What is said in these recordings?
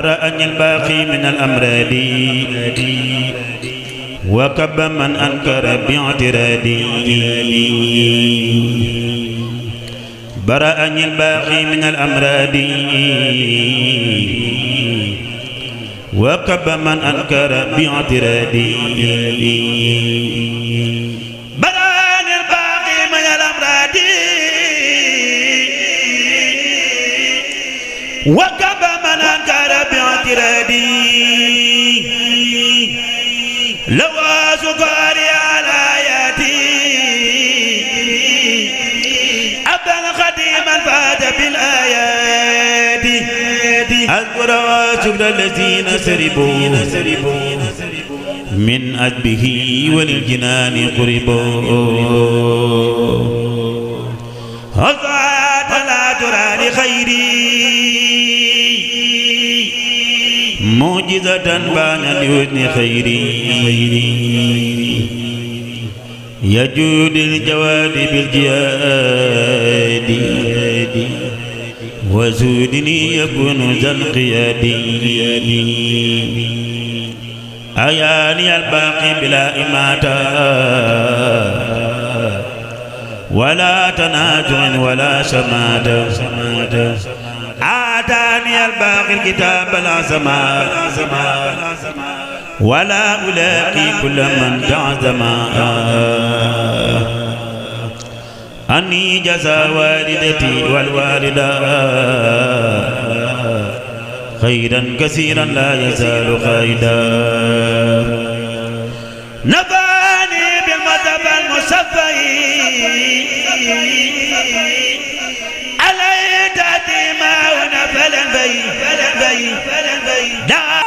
أني الباقي من الأمراض وكب من أنكر باعترادي برأني الباقي من الأمراض وكب من أنكر باعترادي برأني الباقي من الأمراض وكب أبي لو أسكاري على آياتي أبدا خديما فات بالآيات أذكر وأشكر الذين سربوا من أدبه والجنان قربوا هذا لا ترى خيري موجزة بان لوزن خيري يجود الجواد بالجياد وزودني يكون ذا القياد أياني الباقي بلا إماتة ولا تنازع ولا سماد, آتاني الباقي الكتاب العظماء زمان ولا ألاقي كل من تعظماء أني جزا والدتي والوالدة خيرا كثيرا لا يزال خيدا نفاني بالمذهب المصفي لبيك لبيك لبيك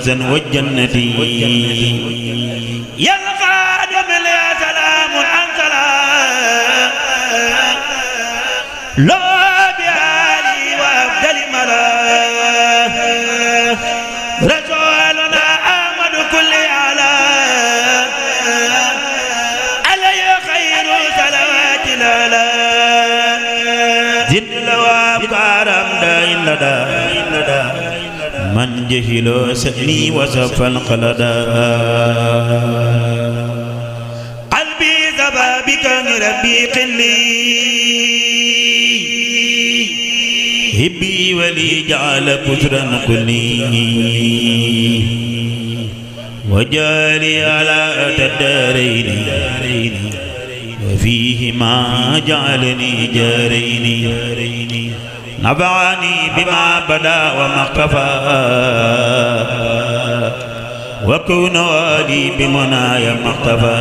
حسن والجنة يا القادم يا سلام أنت لا من جهل سألي وزف القلدا قلبي ذبى بك ربي قلي هبي ولي جعل كثرا قلي وجاري على تدارين وفيهما جعلني جارين نبعني بما بدا وما اختفى وكون والي بمنايا ما اختفى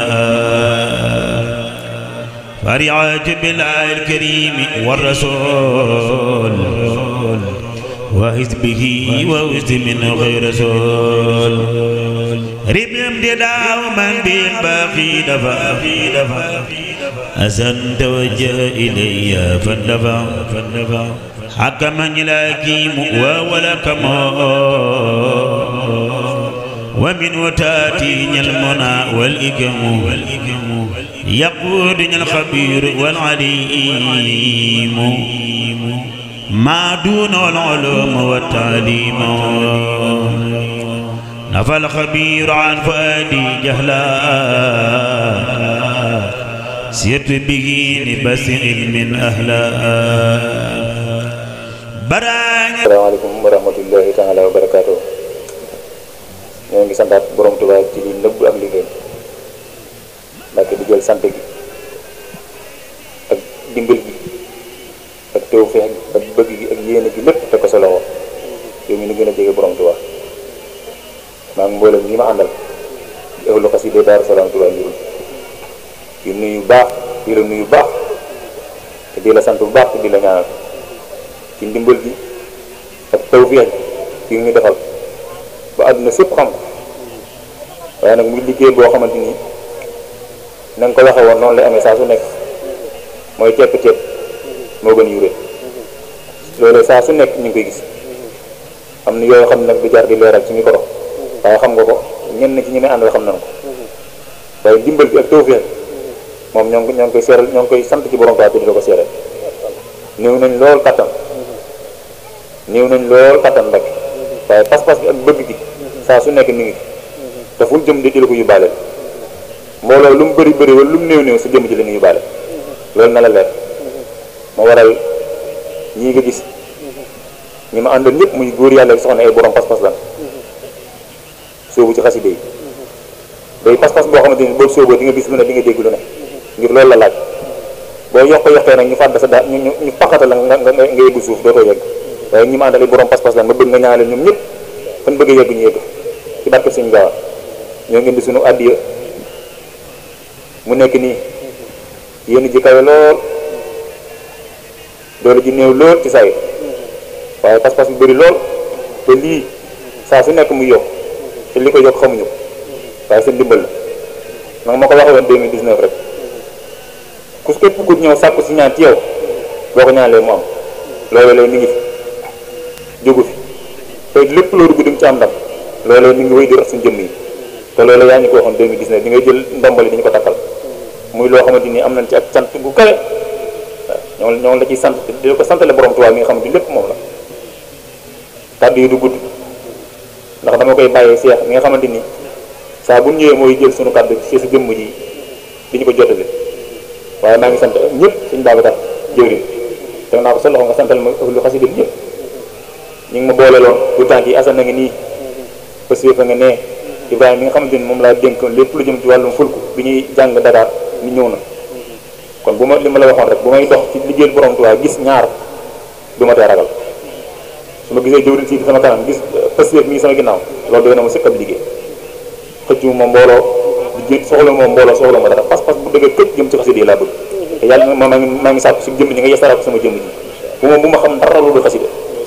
فرعاج بالله الكريم والرسول وحزبه ووز من غير رسول رب امتدى ومن باقي دفع أسن توجه إلي فالنفع أكمنيلاكيم وولكما ومن وتاتي المنى والإكم يقودني الخبير والعليم ما دون العلوم والتعليم نفى الخبير عن فؤادي جهلا سيرت به لبس علم أهلا Barang. Assalamualaikum warahmatullahi rahmatullahi taala wa barakaatu ñoo ngi santaat borom Tuubaa ci li nëbb ak liggéey mbàkke di gi ak dimbal gi ak bëgg gi ak yéene gi lépp sa loxo yow mi gën a jege borom ñi ma àndal di ëwlu xasida Daaru Salaam Tuubaa njurul di nuyu baax di la nuyu baax te di la sant bu baax te di la ñaanal ci ndimbal gi ak tawféex gi ñu defal ba àdduna sépp xam waaye nag muy liggéey boo xamante ni na nga ko waxee woon noonu lay amee saa su nekk mooy tepp tepp moo gën yuréel loolu saa su nekk ñu ngi koy gis am na yoo xam ne nag du jar di leeral ci micro waaye xam nga ko ñenn ci ñu may àndal xam nañ ko waaye ndimbal bi ak tawféex moom ñoo ngi ñoo ngi koy seeral ñoo ngi koy sant ci borom taa di la ko seeral néew nañ loolu kattan new nañ lool katan bak waaye pas-pas bi ak bëgg gi saa su nekk ni ngi te fu jëm di la ko yóbbaale mbooloo lu mu bëri bëri wala lu mu néew néew sa jëm ci la ñu yóbbaale loolu na la leer ma waral ñii nga gis ñi ma àndal ñëpp muy góor yàlla soxna ay borom pas-pas lan soobu ci xasida day, day pas-pas boo xamante ni boobu soobu di nga gis lu ne di nga dégg lu ne ngir loolu la laaj boo yokk yokkee nag ñu fàdd sa da ñu ñu ñu la nga nga nga yëggu suuf dootoo yegg waye ñi ma àndal borom pass pass lan ma bëgg nga ñaanal ñoom ñëpp fañ bëgg yegg ñu yegg ci barke suñu Gaawaan ñoo ngi indi suñu addu mu nekk ni yeen ji kawé lool doole ji neew lool ci say waye pass pass pas bu bëri lool te li sa su nekk mu yok te liko yok xamuñu waye waaye dimbal ndimbal mako nag won 2019 rek ku su képp ku ñëw sakku ci ñaan ci yow boko ko mo am lolé la ni ngi jógu fi te lépp loo dugg di nga ci am ndam loolee mi ngi wéy di rax suñ jëmm yi te loolee yaa ñu ko waxoon 2019 di ngay jël ndombali di ñu ko takkal muy loo xamante ni am nañ ci ak sant bu kawe ñoo ñoo la ciy sant di ko santale borom tubaab mi nga xamante lépp moom la kàddu yi du gudd ndax dama koy bàyyee seex mi nga xamante ni bu ñëwee mooy jël sunu kàddu ci su jëmm ji di ñu ko jotale waaye maa ngi sant ñëpp suñu baabi tax jëwriñ teg naa ko sa loxo nga santal ma lu xasida ñëpp ñing ma boole lo bu tan ki kan na nga nii Basiir fa nga nee Ibrahima mi nga xamante ni moom laa dénk lépp lu jëm ci walum fulku bi ñi jang dara mi ñëw na kon buma lima la waxon rek bu may dox ci liggéeyal borom tuwa gis ñaar duma ma ragal suma ma gisee jëwriñ si sama kanam gis eh, Basiir mi sama ginnaw loolu do na ma sëkk ab liggéey xëccu mbolo di liggéey soxla mo mbolo soxla mo dara pass pass bu dëgg këpp jëm ci xasidé la bëgg yalla yàlla ma ngi sax ci jëm ñi nga yesaraat sama jëm ji buma buma xam dara kan loolu xasidé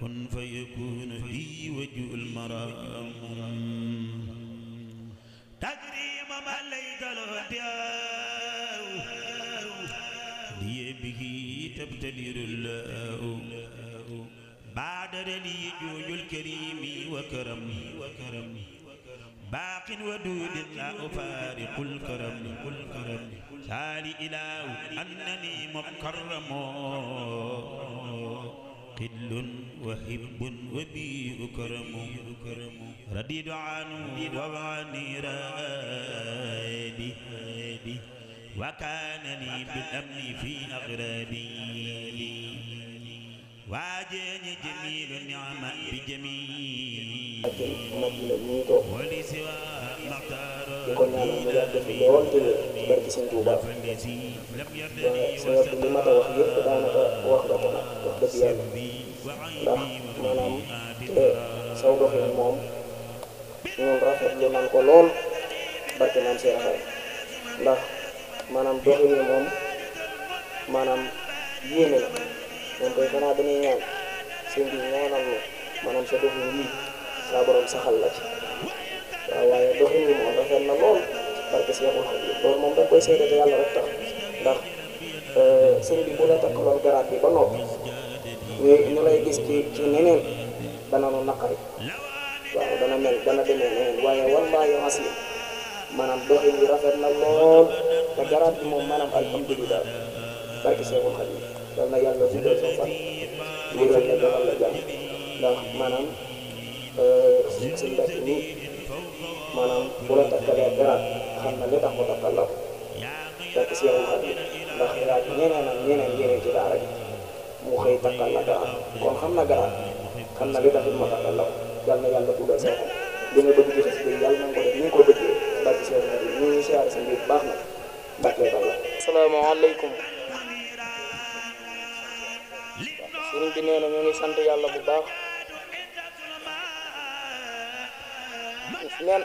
كن فيكون في وجه المرام تكريم ما ليس له لي به تبتدر الله بعد لي جوج الكريم وكرم وكرم باق ودود لا أفارق الكرم الكرم سالي إله أنني مكرم قل وحب وبي كرم رديد عنه وواني رادي وكان لي بالأمن في أغرابي واجني جميل النعم بجميل ولسوى مختار di ko ñaanal mu yàgg fi lool te wér ci barke Sëñ Tuuba waaw li ma ta wax yëpp daanaka wax nga ko nag wax dëgg yàlla ndax maanaam eh, saw doxin moom ñun rafetlu nañ ko lool barke nañ seen xarit ndax maanaam doxin yi moom maanaam yéeme la moom koy xanaa dañuy ñaan sëñ bi ñaanal la maanaam sa doxin yii saa saxal la ci. waaye doxin bi moom rafet na lool barke si yàlla xam loolu moom da nga koy seede te yàlla rek tax ndax sëñ bi bu la takkaloon garaat bi ba noppi ñu ñu lay gis ci ci neneen dana nu naqari waaw dana mel dana demee neneen waaye wallaahi asiim maanaam doxin bi rafet na lool te maanaam bu la takkalee garab xam na li tax mu takkal la ko fekk si yow xam ndax yaa ñeneen ak ñeneen ñeneen ci daara ji mu xëy takkal la garab kon xam na garab xam na li tax mu takkal la ko yal na yàlla dugal sa li nga bëgg ci bi yàlla na ko def ni ko bëggee barke si yow xam ñu ngi siyaare sa mbir baax na barkee bal la asalaamaaleykum sëriñ bi nee na ñu ngi sant yàlla bu baax neen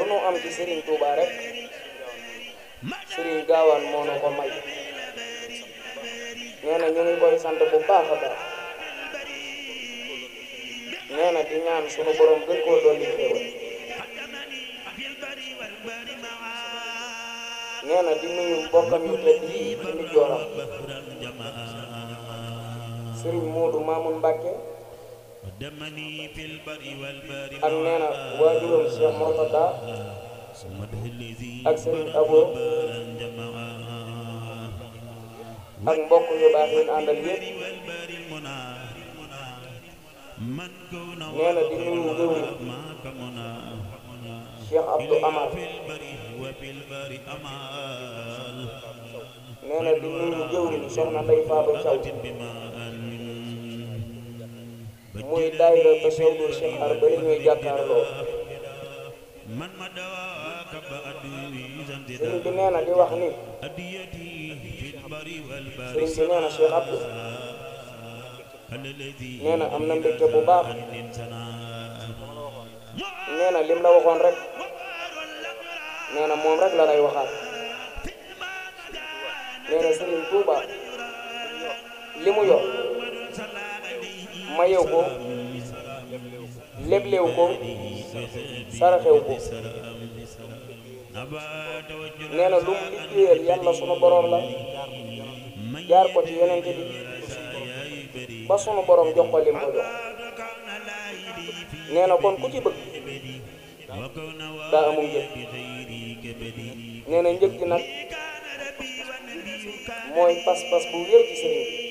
lu nu am ci Serigne Touba rek Serigne Gaawaan moo nu ko may nee na ñu ngi koy sant bu baax a baax nee na di naan sunu borom gën koo dolli xéewal nee di nuyu mbokkam yu tëdd yi ci nu jooram Serigne Modou Mamoun Mbacke ak nee na waajuram Cheikh Mourtada ak Serigne Abo ak mbokk yu baax yi àndal yëpp nee na di nuyu réew mi Cheikh muy daayira te Seydou Cheikh bi nee na wax ni sëriñ bi nee na Cheikh Abdou am na mbégte bu baax nee lim la waxoon rek nee na moom rek la lay waxaat nee na sëriñ Touba li mu yor mayew ko leblew ko saraxew ko nee na lu mu liggéeyal yàlla sunu boroom la jaar ko ci yonent bi ba sunu boroom jox ko jox nee kon ku ci bëgg daa amum njëg njëg gi mooy pas-pas bu wér ci sëriñ bi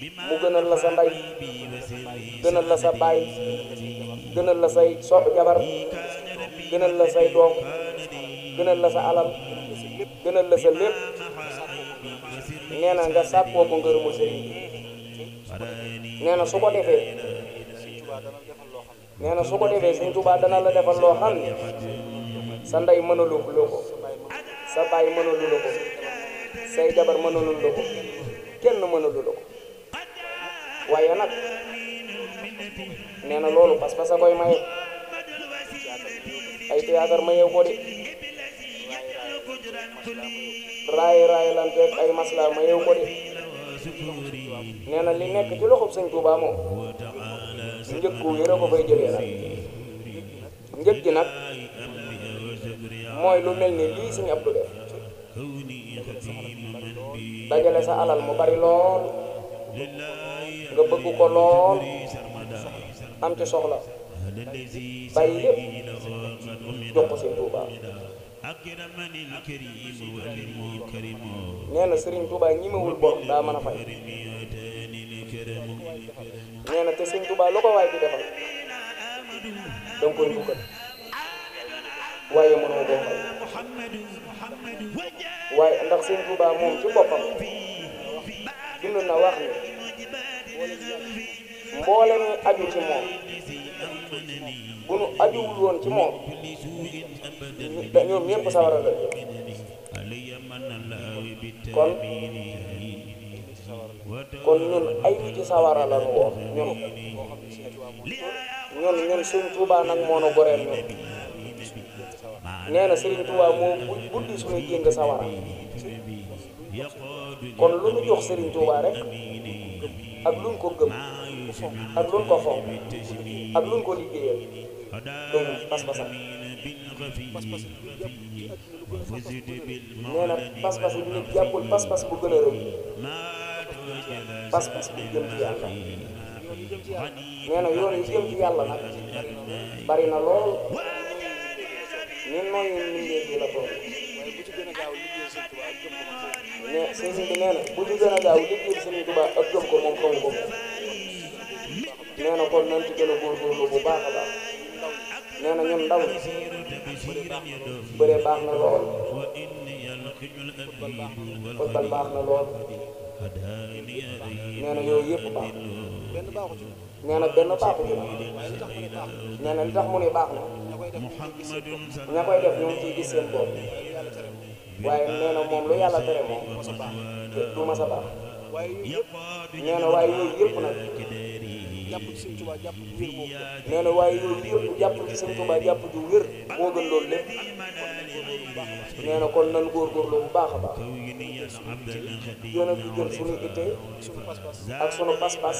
mu gënal la sa ndey gënal la sa baay gënal la say so jabar gënal la say doom gënal la sa alal gënal la sa lépp nee na nga sàkkoo ko ngërëmul sëriñ bi nee na su ko defee nee na su ko defee dana la defal loo xam ne sa ndey mënalul la ko sa baay mënalul la ko say jabar mënalul la ko kenn mënalul la ko waye nak neena na pass passa koy maye ay théâtre maye ko de ray ray lan teeg ay masla maye ko de neena li nek ci loxop seigne touba mo moom ko yero ko fay jere nag njëg gi nak moy lu melni li seigne abdou def dajale sa alal mu bari lol nga bëgg ko lool am ci soxla bàyyi lépp jox ko sëñ Touba nee na sëriñ Touba ñimewul bor daa mën a fay nee na te sëñ Touba lu ko waay di defal danga koy njukkal waaye mënoo boo fay waaye ndax sëñ Touba moom ci boppam dund na wax ne mboolem ñu aju ci moom bu nu ajuwul woon ci moom ñoom ñëpp sawara la kon kon ñun ay ci sawara la woon ñun ñun Tuubaa nag moo nu goreel ñun nee na Sëriñ Tuubaa moo buddi suñu jéng sawara kon lu ñu jox Sëriñ Tuubaa rek ak lu ko gëm ko fonk ak lu ko fonk ak lu ko liggéeyal loolu pas-pasam nee na pas-pas jàppul pas-pas bu gën a rëy pas-pas bu jëm ci yàlla nee na yoon jëm ci yàlla nag bari na lool ni nooy liggéey bi la ko ne sëñ bi a gaaw ko moom nee na kon nañ ci gën a góorgóorlu bu baax a baax nee na ñun ndaw ñi bëre baax na lool football baax na lool nee na yooyu yëpp baax nee na benn baaxu ci nee na li tax mu ne baax na ña koy def ñoom ciy gis seen bopp waaye nee na moom lu yàlla tere moom du mas a baax nee na waaye yooyu yëpp nag jàpp ci sëñ Tuubaa jàpp ju wér boobu nee na waaye yooyu yëpp jàpp ci sëñ Tuubaa jàpp ju wér moo gën loolu lépp nee na kon nan góorgóorlu bu baax a baax gën a jël suñu itte ak sunu pas-pas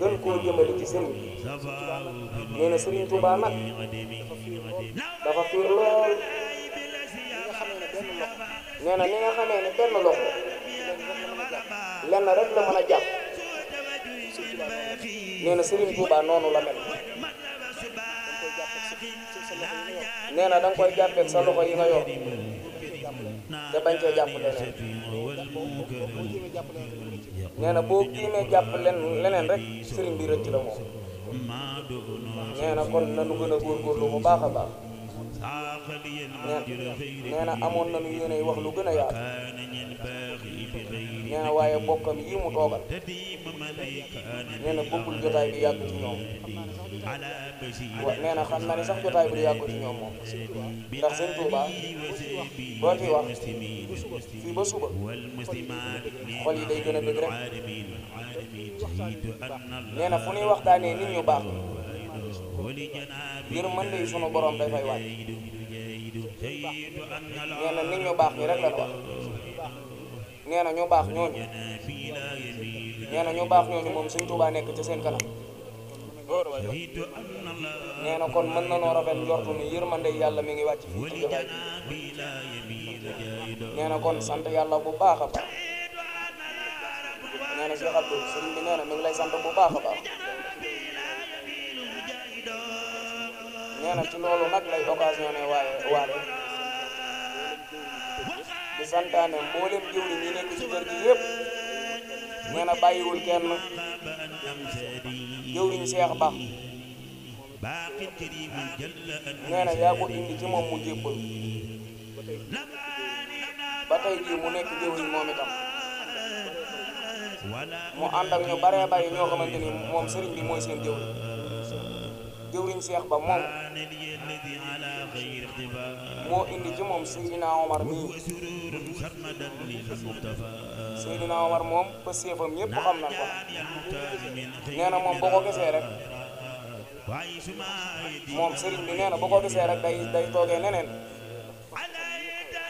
gën koo jëmale ci sëriñ nee na sëriñ Tuubaa nag dafa fiir lool nee na ni nga xamee ne benn loxo lenn rek la mën a jàpp nee na Serigne Touba noonu la mel nee na da nga koy jàppee sa loxo yi nga yor te bañ cee jàpp leneen nee na boo kiimee jàpp len leneen rek Serigne bi rëcc la moom nee na kon nanu gën a góorgóorlu bu baax a baax nee na amoon nanu yéenay wax lu gën a yaatu. nee na waaye bokkam yi mu toogal nee na bëggul jotaay bi yàgg ci ñoom wa nee na xam na ne sax jotaay bi du yàgg ci ñoom moom ndax seen Tuuba boo ci wax fii ba suba xol yi day a bëgg rek nee na fu ñuy waxtaanee nit ñu baax ngir mën day sunu borom dafay wàcc nee na nit ñu baax ñi rek la ko wax nee na ñu baax ñooñu nee na ñu baax ñooñu moom Sëñ Tuubaa nekk ci seen kanam nee na kon mën na noo rafet njortu ni yërmande yàlla mi ngi wàcc fii ci jotaay nee na kon sant yàlla bu baax a baax nee na Cheikh Abdou sëriñ bi nee mi ngi lay sant bu baax a baax nee ci loolu nag lay occasionné waaye waale santaane mboolem jëwri ñi nekk ci kër gi yëpp nee na bàyyiwul kenn jëwriñ Seex Ba nee na yaa ko ci moom mu ba tey jii mu nekk jëwriñ moom itam mu ànd ñu baree bari ñoo xamante ni moom sëriñ bi mooy seen jëwriñ jëwriñ Cheikh ba moom moo indi ci moom Seydina Omar mii Seydina Omar moom pëstéefam ñëpp xam nañ ko nee moom boo ko gisee moom sëriñ bi nee na boo ko day toogee neneen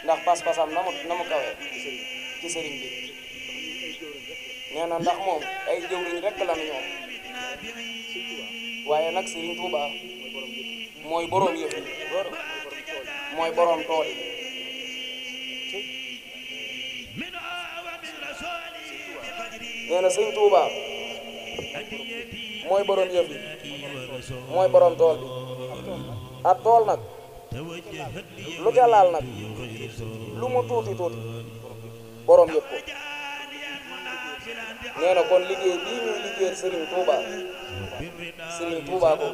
ndax pas-pasam na mu na ci sëriñ bi nee na ndax moom ay jëwriñ rek la ñoom. waaye nag Serigne Touba mooy borom yëf yi mooy borom tool yi nee na mooy borom yëf yi mooy borom tool bi ab tool nag lu ca laal nag lu mu tuuti tuuti borom yëpp ko nee na kon liggéey bii ñuy liggéey Serigne Touba. Serigne Touba ko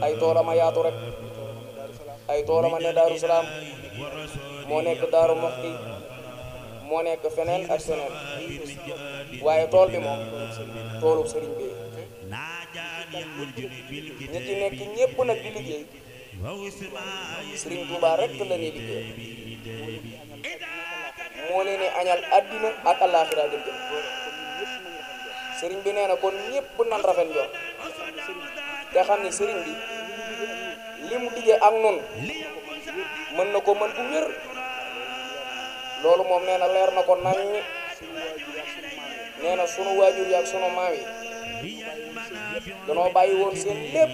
ay toolam a yaatu rek ay toolam a ne Daaru moo nekk Daaru Muxti moo nekk feneen ak feneen waaye tool bi moom toolub sëriñ bi ñi nekk ñépp nag di liggéey sëriñ Touba rek la liggéey moo leen añal àddina ak àllaaxira jëm jëm sering bi nee na kon ñëpp nan rafen sering te xam ne angnon bi li mu diggee ak nun mën na ko mën bu wér loolu moom nee leer na nañ nee sunu waajur yi sunu mawi dono seen seen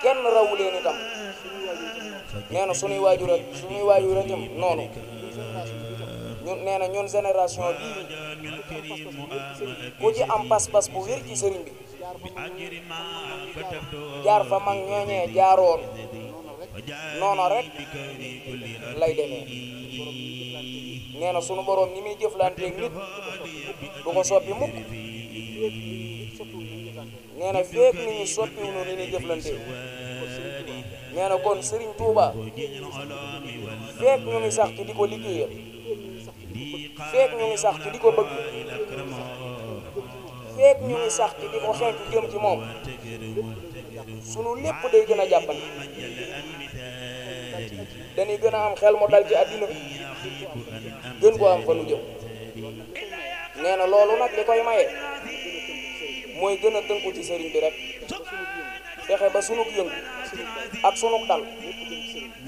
kenn kenn nee na suñuy waajur ak suñuy waajur ak itam noonu ñun nee génération bii ku ci am pas-pas bu wér ci sëriñ bi jaar fa mag ñooñee jaaroon noonu rek lay demee nee sunu boroom ñi muy jëflanteeg nit du ko soppi mukk nee na ni ñu soppiwuñu ni ñuy jëflanteeg nee na kon Serigne Touba fekk ñu ngi sax ci di ko liggéeyal fekk ñu sax ci di ko bëgg fekk ñu ngi sax ci di ko xeex jëm ci moom sunu lépp day gën a jàppale dañuy gën a am xel mu dal ci àddina bi gën koo am fa nu jëm nee na loolu nag li koy maye mooy gën a tënku ci sëriñ bi rek. fexe ba sunu yëngu ak sunu dal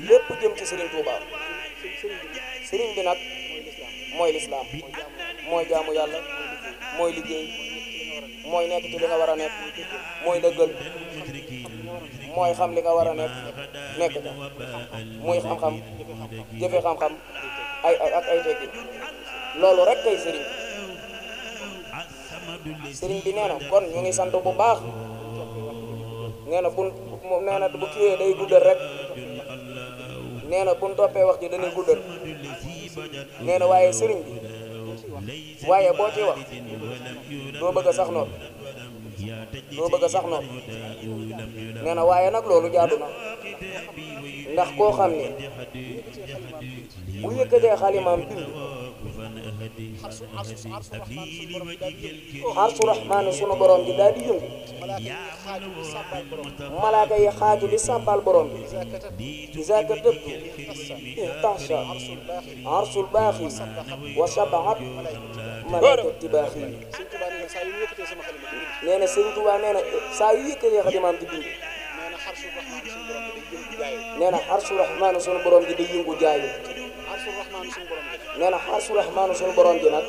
lépp jëm ci Serigne Touba Serigne bi nag mooy lislaam mooy jaamu yàlla mooy liggéey mooy nekk ci li nga war a nekk mooy dëggal mooy xam li nga war a nekk nekk ko muy xam-xam jëfe xam-xam ay ay ak ay teggi loolu rek kay Serigne bi nee na kon ñu ngi sant bu baax. nee na bu nee na bu kiiwee day guddal rek nee na bu ñu waaye sëriñ bi waaye boo ci wax doo bëgg a sax noonu doo bëgg a sax noonu nee na waaye nag loolu jaadu na. ndax koo xam ne bu yëkkatee xalimaam bind xarsu raxmaani sunu borom bi daal di yëngu malaaka yi xaaju di sàbbal borom bi isaaka tëbtu ihtaxsha xarsul baaxi wa sabaat malaaka tibaaxi nee na sëñ Tuubaa nee na saa yu yëkkatee xalimaam di bind nee na arsu rahmaanu sunu borom ji di yëngu jaayu nee na arsu rahmaanu sunu borom ji nag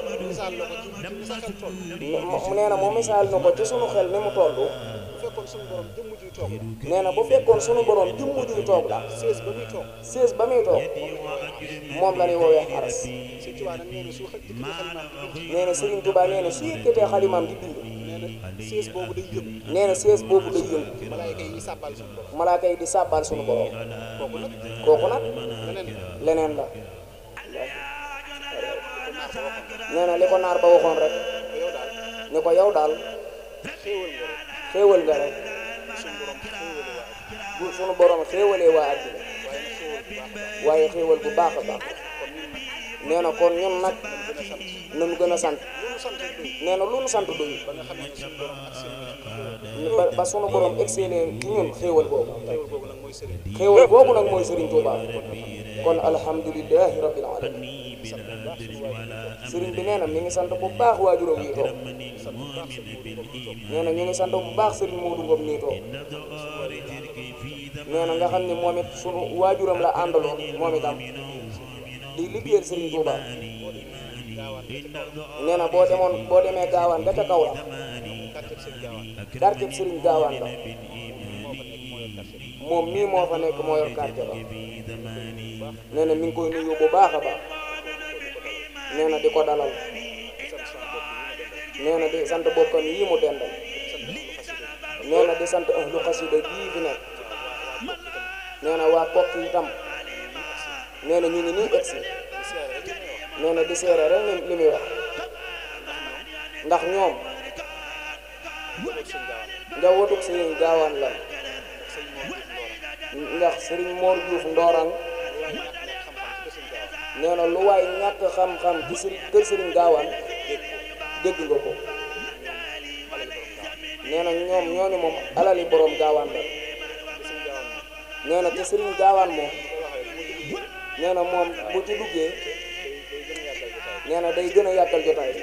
nee na moom misaal na ko ci sunu xel ni mu toll nee na fekkoon sunu borom jëmm juy toog daal sées ba muy toog moom la ñuy woowee aras nee na Serigne Touba nee na su yëkkatee xalimaam di siis boobu day yëngu nee na siis boobu day yëngu malaaka yi di sàbbaal suñu borom malaaka yi di sàbbaal suñu borom kooku nag leneen la nee na li ko naar ba waxoon rek ni ko yow daal xéewal nga rek bu suñu borom xéewalee waa àddina waaye xéewal bu baax a baax nee na kon ñun nag nañu gën a sant nee na lu nu sant doyul ba sunu borom exceller ci ñun xéewal boobu xéewal boobu nag mooy Serigne Touba kon alhamdulilahi rabbil alamin Serigne bi nee na mi ngi sant bu baax waajuram yi toog nee na ñu ngi sant bu baax Serigne Modou Ngom nii toog nee na nga xam ne moom it sunu waajuram la àndaloon moom itam di liggéeyal Serigne Touba. nee na boo demoon boo demee gaawaan ga ca kaw la quartier Serigne gaawaan la moom mii moo fa nekk moo yor quartier ba nee na mi ngi koy nuyu bu baax a baax nee di ko dalal nee na di sant bokkam yi mu dendal nee na di sant ahlu xasida bii fi nekk nee na waa kokk itam nee na ñu ngi nii egsi non na di seere rek li wax ndax nga wotuk sëriñ gawan la ndax sëriñ Mor Diouf ndoran nee na lu way ñak xam-xam ci sëriñ keur sëriñ gawan degg nga ko nee na ñoom ñoo alali borom gawan la nee na te sëriñ mo moom nee bu ci duggé nee na day gën a yàggal jotaay bi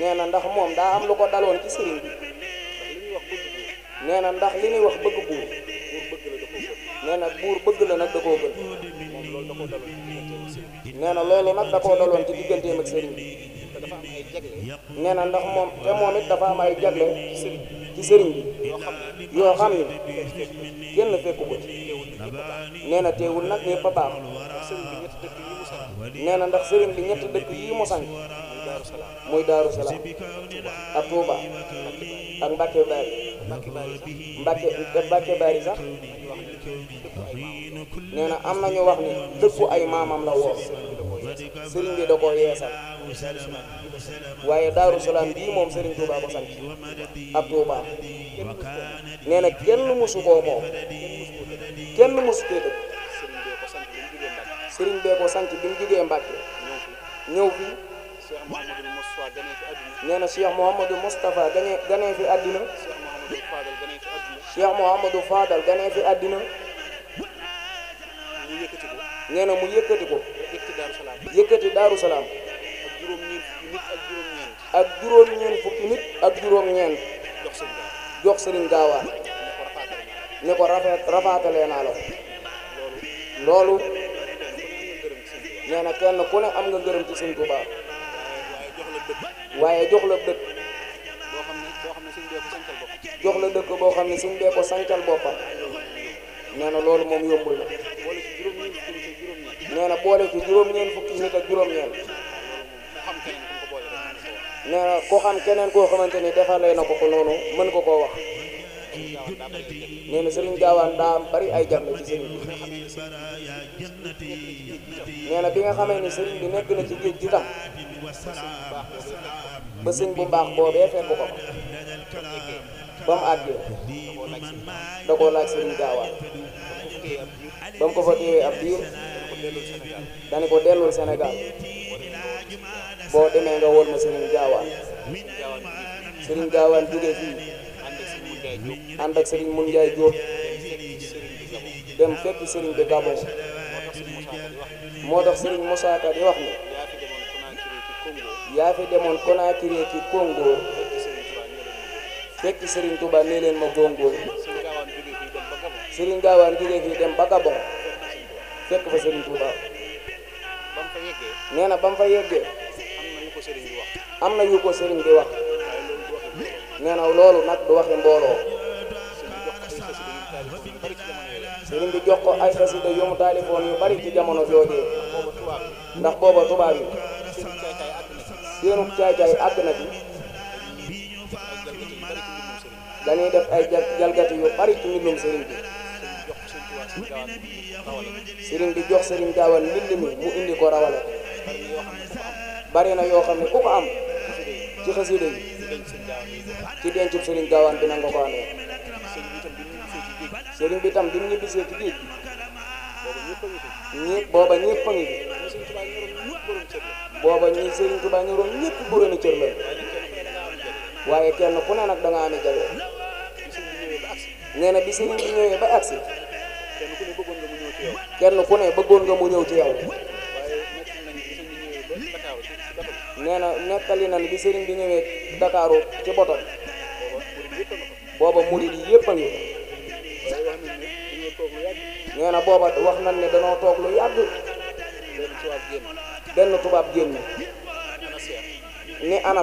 nee na ndax moom daa am lu ko daloon ci sëriñ bi nee ndax li ñuy wax bëgg buur nee na buur bëgg la nag da koo gën nee na loolu nag da koo daloon ci digganteem ak sëriñ bi nee na ndax moom te moom it dafa am ay jagle ci sëriñ bi xam-xam yoo xam ne kenn fekk ko ci nee na teewul nag yëpp a baax nee na ndax sëriñ bi ñetti dëkk yii mu sanc muy Daaru Salaam ak Touba ak Mbacke Bari Mbacke Mbacke Bari sax nee na am na ñu wax ni dëkku ay maamam la woon sëriñ bi da ko yeesal. waaye daaru salaam bii moom Serigne Touba ko sant ak Touba nee na kenn mosu koo moom kenn mosu koo dëkk Serigne bee ko sant bi mu jógee Mbàkke ñëw fi nee na Cheikh Mouhamadou Moustapha ganee fi àddina Cheikh Mouhamadou Fadal ganee fi àddina nee na mu yëkkati ko yëkkati Daaru ak juróom-ñeent fukki nit ak juróom-ñeent jox sëriñ gaawaan ne ko rafet rafaatalee naa la loolu nee na kenn ku ne am nga gërëm ci sëñ Tuubaa waaye jox la dëkk jox la dëkk boo xam ne suñ bee ko sancal boppam nee na loolu moom yombul la nee na boole ci juróom-ñeent fukki nit ak juróom-ñeent nee koo ku xam keneen koo xamante ni defalee na ko ko noonu mën ko koo wax nee na sëriñ gaawaan daa am bari ay jagle ci sëriñ bi nee na bi nga xamee ni sëriñ bi nekk na ci géej gi tam ba sëñ bu baax boobee ko ba mu àggee da koo laaj sëriñ ba mu ko fa téewee ab diir dani ko dellul Sénégal boo demee nga woon ma Serigne Gaawaan Serigne Gaawaan jógee fii ànd ak Serigne Mun Njaay Jóob dem fekk Serigne bi Gabon moo tax Serigne Moussa Ka di wax ne yaa fi demoon Conakry ci Congo fekk Serigne Touba nee leen ma góongóor Serigne Gaawaan jógee fii dem ba Gabon fekk fa Serigne Touba. nee na ba mu fa yeggee am na yu ko sëriñ bi wax nee loolu nag du waxi mbooloo sëriñ bi jox ko ay xasida yu mu yu bari ci jamono joojee ndax booba tubaab yi seenu caay-caay àgg bi dañuy def ay jalgati yu bari ci mbindum sëriñ bi sëriñ bi jox sëriñ gaawal lill mi mu indi ko rawale bari na yoo xam ne ku ko am ci xasida yi ci dencub sëriñ gaawaan bi na nga ko amee sëriñ bi tam bi mu ñibbisee ci géej gi ñi booba ñëpp a ngi booba ñi sëriñ Tuubaa ñoroon ñëpp boroomi cër la waaye kenn ku ne nag da amee jagle nee na bi sëriñ bi ba agsi kenn ku ne bëggoon nga mu ñëw ci yow. nee na nettali nan bi sëriñ bi ñëwee Dakaaru ci botam booba murid yépp a ngi nee na booba wax nan ne danoo toog lu yàgg benn tubaab génn ni ana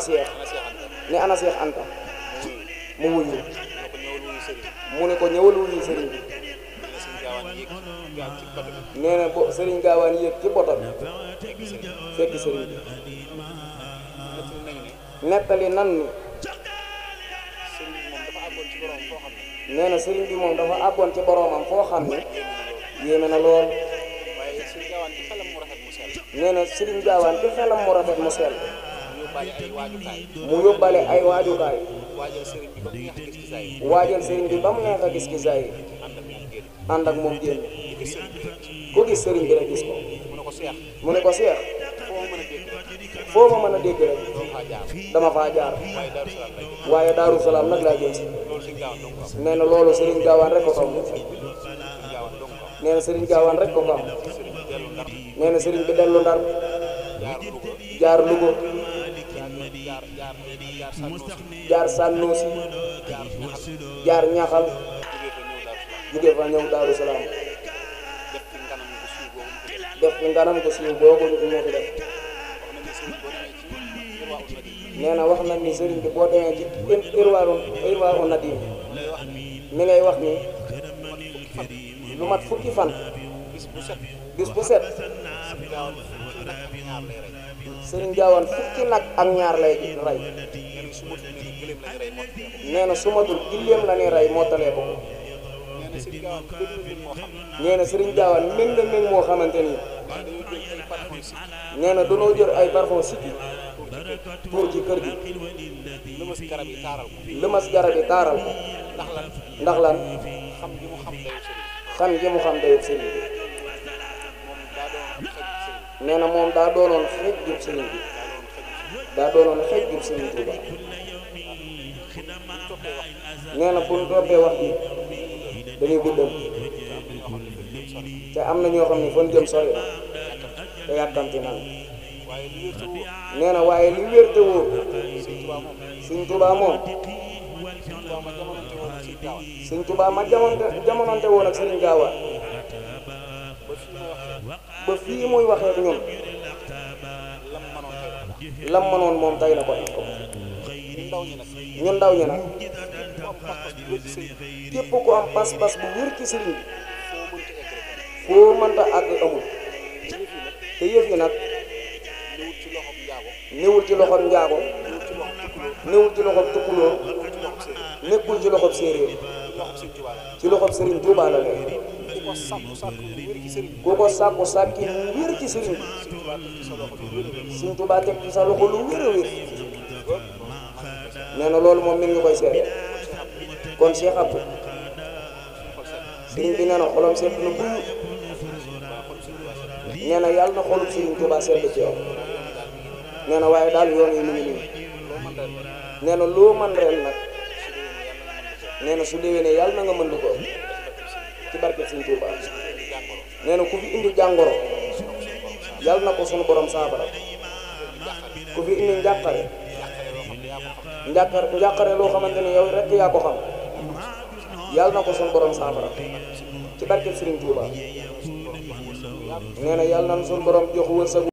anta mu wuyu mu ne ko ñëwal wuyu sëriñ bi nee na bo sëriñ gaawaan yéeg ci botam fekki sëriñ bi nettali nan ni nee na sëriñ bi moom dafa àbboon ci boroomam foo xam ne yéeme na lool nee na sëriñ gaawaan ci xelam mu rafet mu sell mu yóbbale ay waajukaay waajal sëriñ bi ba mu neex a gis gisaay andak mom moom ko gis sëriñ bi rek gis ko mu ne ko seex foo ma mën dégg rek dama fa jaar waye daru salam nak la jëm si lolu na loolu sëriñ gaawaan rek ko xam nee na sëriñ gaawaan rek ko xam nee na sëriñ bi delu ndar jaar lu ko jaar sanusi jaar ñaxal jóge fa ñëw Daaru Salaam def fi nganam ko suuf boobu ñu ko fi def nee na wax na ni sëriñ bi boo demee ci irwaaru irwaaru nadim mi ngay wax ni lu mat fukki fan bis bu set sëriñ Gaawaan fukki nag ak ñaar lay rey nee na sumatul gilleem la ni rey mottalee ko bis bi nee na Serigne Gaawaan moo xamante ni nee na danoo ay parfum sikki pour kër gi lëmas garab yi taaral ko lëmas garab yi taaral ndax lan ndax lan xam gi mu xam day xam na moom daa doonoon xeej jub Serigne bi daa bu ñu toppee wax ji dañuy guddal te am na ñoo xam ne fan jëm sori te yàkkamti nan nee na waaye li wér te wóor Sëñ Tuubaa moom Sëñ tubaa ma jamonte jamonante woon ak Sëriñ Gaawaan ba fii muy waxee ak ñun lam mënoon moom tey la ko ñun ndaw ñi nag képp ku am pas-pas bu wér ci sëriñ bi foo mënta àgg amul te yëf yi nag néewul ci loxoom njaago néewul ci loxoom tukkuloo nekkul ci loxoom séeréer ci loxoom sëriñ Tuubaa la nekk ku ko sàkku sàkki wér ci sëriñ bi sëriñ Tuubaa teg ci sa loxo lu wér a wér nee na loolu moom min nga koy seere kon Cheikh Abdou sëriñ bi nee na xolam sedd na bu na yàlla na xolub Tuubaa sedd ci yow na waaye daal yoon yi mu ngi nii nee na loo man ren nag nee na su déwénee yàlla na nga mën di ko ci barke sëriñ Tuubaa nee na ku fi indi jàngoro yàlla na ko sunu borom saabara ku fi indi njàqare njàqar njàqare loo xamante ni yow rek yaa ko xam yàlla na ko suñu borom saafara ci barke Serigne Touba nee na yàlla na suñu borom jox wërsëg